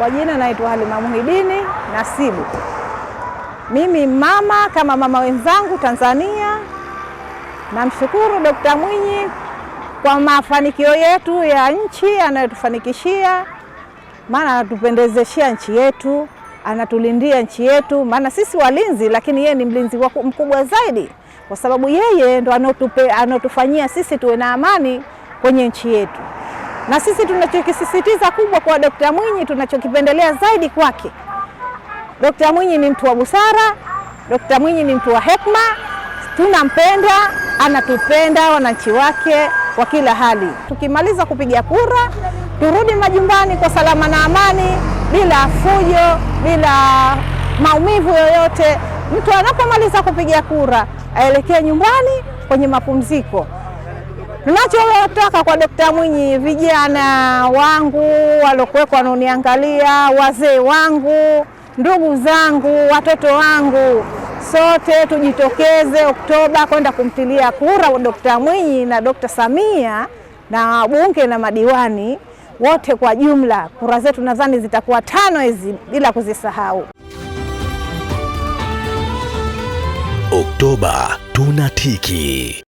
Kwa jina naitwa Halima Muhidini Nasibu. Mimi mama kama mama wenzangu Tanzania, namshukuru Dokta Mwinyi kwa mafanikio yetu ya nchi anayotufanikishia, maana anatupendezeshia nchi yetu, anatulindia nchi yetu, maana sisi walinzi, lakini yeye ni mlinzi mkubwa zaidi, kwa sababu yeye ndo anotufanyia sisi tuwe na amani kwenye nchi yetu na sisi tunachokisisitiza kubwa kwa Dokta Mwinyi, tunachokipendelea zaidi kwake, Dokta Mwinyi ni mtu wa busara, Dokta Mwinyi ni mtu wa hekma, tunampenda, anatupenda wananchi wake kwa kila hali. Tukimaliza kupiga kura, turudi majumbani kwa salama na amani, bila fujo, bila maumivu yoyote. Mtu anapomaliza kupiga kura aelekee nyumbani kwenye mapumziko. Nachotaka kwa Dokta Mwinyi, vijana wangu walokuwekwa wanaoniangalia, wazee wangu, ndugu zangu, watoto wangu, sote tujitokeze Oktoba kwenda kumtilia kura Dokta Mwinyi na Dokta Samia na wabunge na madiwani wote kwa jumla. Kura zetu nadhani zitakuwa tano hizi bila kuzisahau. Oktoba tunatiki.